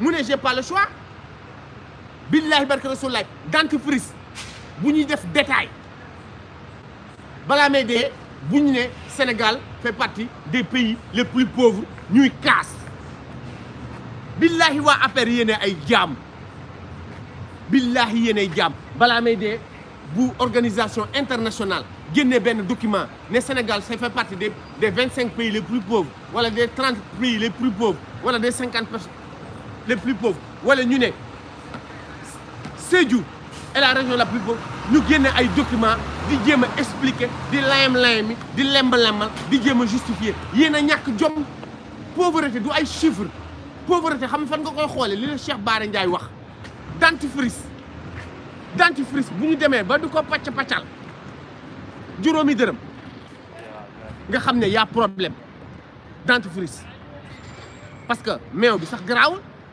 mu j'ai pas le choix billahi barke rasulaay dentifrice Fris, ñuy def détail balaa may Sénégal fait partie des pays les plus pauvres ñuy casse. billahi wa affaire yéene ay jaam billahi yéene ay jaam balaa may bu organisation internationale génne ben document ne Sénégal fait partie des des vingt pays les plus pauvres wala des 30 pays les plus pauvres wala des 50... personnes les plus pauvres wala ñu la région la plus pauvre Nous avons des documents nous expliquer di l'aim, di justifier a des jom pauvreté du ay chiffres pauvreté xam fan nga koy xoolee li le Cheikh Barre Ndiaye wax dentifrice dentifrice vous ñu ba du ko vous avez des nga y'a problème dentifrice parce que vous bi sax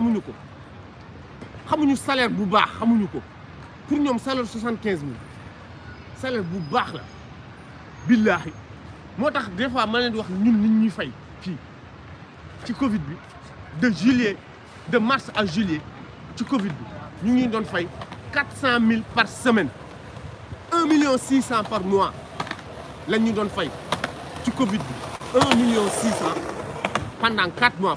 Nous ko salaire bu baax ko pour de salaire soixante salaire bu la Billahi. des fois di wax Covid de juillet de mars à juillet ci Covid bi ñu ngi par semaine un million par mois la ñu Covid un million pendant quatre mois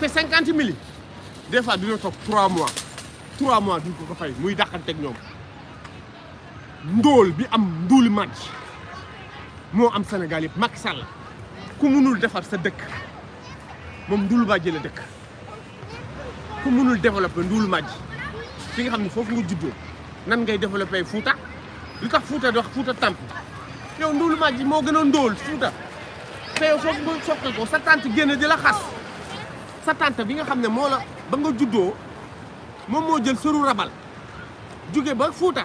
te cinquante mille des fois dina toog trois mois trois mois duñ ko ko fay muy teg ñoom ndóol bi am ndóoli match moo am senegal yëpp Macky Sall ku munul defar sa dëkk moom ndóol baa jële dëkk ku munul développer ndóol match fi nga xam ne foofu nga juddoo nan ngay développer Fouta lu tax Fouta di wax Fouta tamp yow ndóol match moo gën a ndóol Fouta te yow foofu nga soqe ko sa tante génn di la xas. sa tante bi nga xamne mo la ba nga juddo moom mo jël rabal jugge ba fouta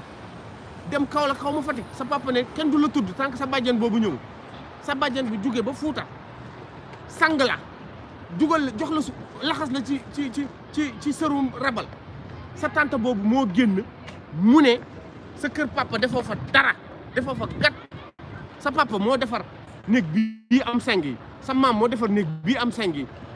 dem kaw la kaw mu fatik sa papa ne ken du la tudd tank sa bàjjan bobu ñew sa bàjjan bi jugge ba fouta sang la dugal jox la laxas la ci ci ci ci ci rabal sa tante bobu mo genn mu ne sa keur papa defo fa dara defo fa gat sa papa mo defar nek bi am sengi, sama sa mam mo defar néeg bi am sengi.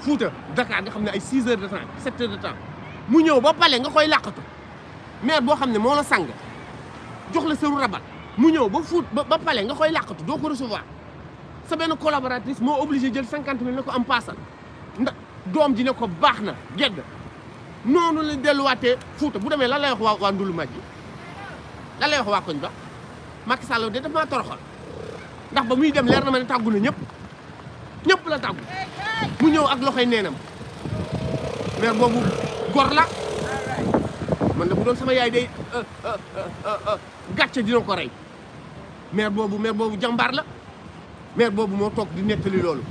Fouta Dakar nga xam ne ay 6 heures de temps 7 heures de temps mu ñëw ba pale nga koy làqatu maire boo xam ne moo la sàng jox la seeru rabat mu ñëw ba fuut ba pale nga koy làqatu doo ko recevoir sa benn collaboratrice moo obligé jël cinquante mille ne ko am paasal ndax doom ji ne ko baax na gedd noonu la delluwaatee Fouta bu demee la lay wax waa waa Ndulu Majji lan lay wax waa koñ ba Macky Sall de daf maa toroxal ndax ba muy dem leer na ma ne tàggu na ñëpp ñepp la tàggu mu ñew ak loxay nenam wer bobu gor la man da bu doon sama yaay day euh, euh, euh, gàcce dina ko ray mer bobu mer bobu jambar la mer bobu mo tok di netali lolu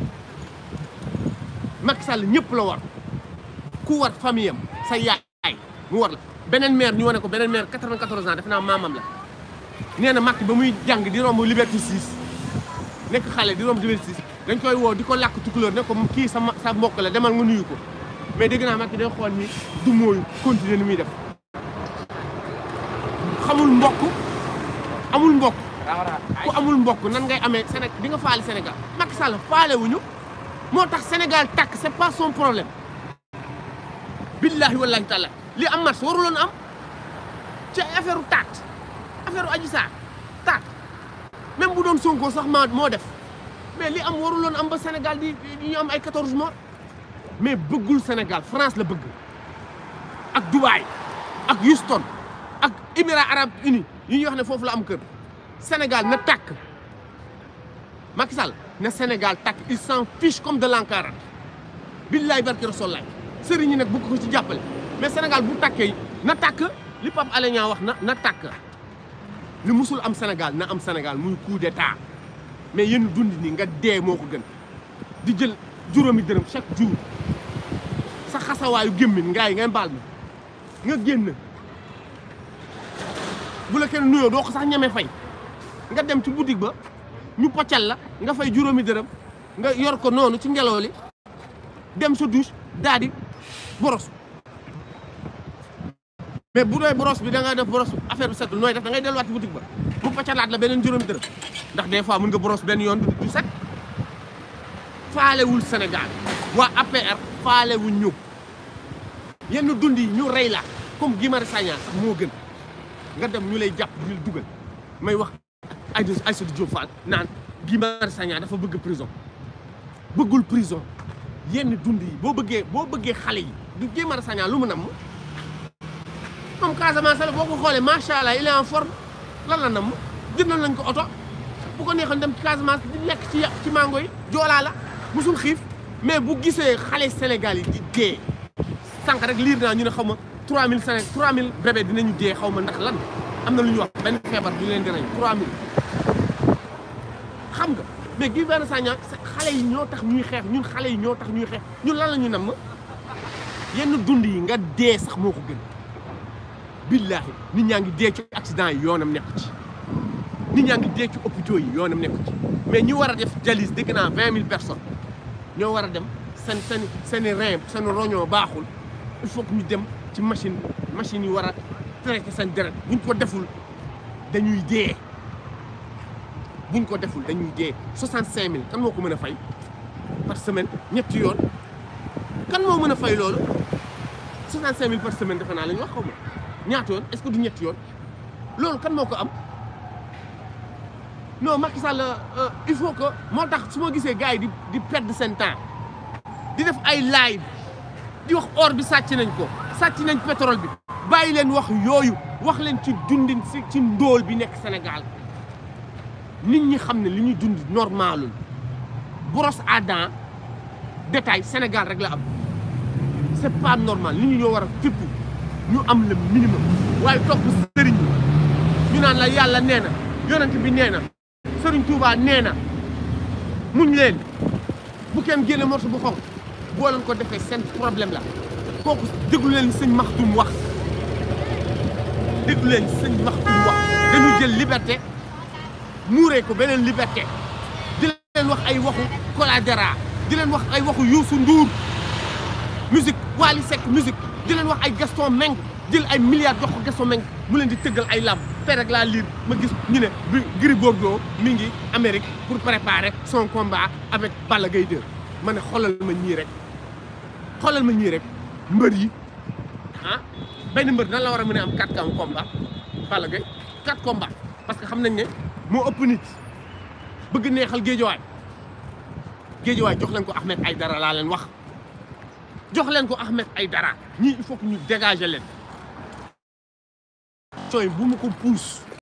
mak Sall ñepp la war ku war famiyam sa yaay mu war la benen mer ñu wane ko benen mer 94 ans def mamam la nee mak ba muy jang di romb Liberté 6 Nek xalé di romb Liberté 6 dañ koy woo di ko làkk tukulóor ne ko kii sa sa mbokk la demal nga nuyu ko mais dégg naa Macky day xool ni du mooyu continuer ni muy def xamul mbokk amul mbokk amul mbokk nan ngay ame Séné di nga faale Sénégal Macky Sall faale wuñu moo tax Sénégal takk c'est pas son problème billahi wallahi taala li am mars waruloon am ci affaire u taat affaire u saar taat même bu doon Sonko sax ma moo def mais li am warul woon am ba Sénégal di ñu am ay 14 morts mais bëggul Sénégal France la bëgg ak Dubaï ak Houston ak Émirats arabes unis yi ñuy wax ne foofu la am kër Sénégal na tàkk Macky Sall na Sénégal tàkk il s'en fiche comme de l'encarade billaay barki rasulaay sëriñ ñi nag bu ko ci jàppale mais Sénégal bu tàkkee na tàkk li Pape Alé Niang wax na na tàkk li musul am Sénégal na am Sénégal muy coup d'état mais yeen dund ni nga dé moko gën di jël juromi dërëm chaque jour sa xasawaayu gemmin ngaa yi ngay bal mi nga genn bu la kenn nuyo doo ko sax ñame fay nga dem ci boutique ba ñu poccal la nga fay juromi dërëm nga yor ko nonu ci ngeloli dem sa douche dadi boros mais bu doy boros bi da nga def boros affaire bi set noy def da ngay delu wat boutique ba mu pacalaat la benen juróomi dërëm ndax des fois mën nga boros ben yoon du set faalewul Sénégal wa APR faalewuñ ñu yenn dundi ñu reey la comme guimar sañan sax mo gën nga dem ñu lay japp ñu duggal may wax aïdou aïssou Diop Fall nan guimar sañan dafa bëgg prison bëggul prison yenn dundi bo boo bo boo xalé yi du guimar sañan lu mu nam comme Casamance la boo ko il est en forme. lan la namm jëndal nañ ko oto bu ko neexoon dem ci Casamance di lekk ci ci mango yi joolaa la musul xiif mais bu gisee xale Sénégal yi di dee sànq rek liir naa ñu ne xaw ma 3000 Séné 3000 bébé dinañu dee xaw ma ndax lan am na lu ñuy wax benn feebar du leen di rey 3000 xam nga mais Guy Marius Sagna xale yi ñoo tax ñuy xeex ñun xale yi ñoo tax ñuy xeex ñun lan la ñu namm yenn dund yi nga dee sax moo ko gën. billaahi nit ñaa ngi dee ci accident yi yoonam nekku ci nit ñaa ngi dee ci hôpitaux yi yoonam nekku ci mais ñu war a def dialyse dégg naa vingt mille personnes ñoo war a dem seen seen seen i rein seen roñoo baaxul il faut ñu dem ci machine machine yi war a traité seen deret buñ ko deful dañuy dee buñ ko deful dañuy dee soixante cinq mille kan moo ko mën a fay par semaine ñetti yoon kan moo mën a fay loolu soixante cinq mille par semaine defe naa lañu wax xaw est ce que du ñetti là? kan non euh, euh, il faut que moi tax là. di di perdre son temps di def ay live di wax or bi nañ ko pétrole bi les leen wax wax leen ci dundin ci bi Sénégal nit ñi xam li ñuy dund normalul Bros détail Sénégal rek la c'est pas normal Li ñu ñoo wara nous avons le minimum Nous sommes le ñu sommes la yalla Nous Nous yonent bi nee Nous le Touba nee na muñ leen Nous fait le problèmes Nous sommes le minimum. Nous le problème la kooku déglu leen Nous Nous liberté minimum. Nous liberté di leen wax ay waxu Nous di leen wax ay musique Wally Seck musique di leen wax ay Gaston Meng jël ay milliards jox ko Gaston Meng mu leen di tëggal ay làmb tey rek laa liir ma gis ñu ne bi Gris Bordeaux mi ngi Amérique pour préparer son combat avec Balla Gaye 2 ma ne xoolal ma ñii rek xoolal ma ñii rek mbër yi ah benn mbër nan la war a mën a am 4 ans combat Balla Gaye 4 combats parce que xam nañ ne moo ëpp nit bëgg neexal géejawaay géejawaay jox leen ko Ahmed dara laa leen wax. jox leen ko Ahmed Aïdara ñii il faut que ñu dégager leen sooy bu mu ko pousse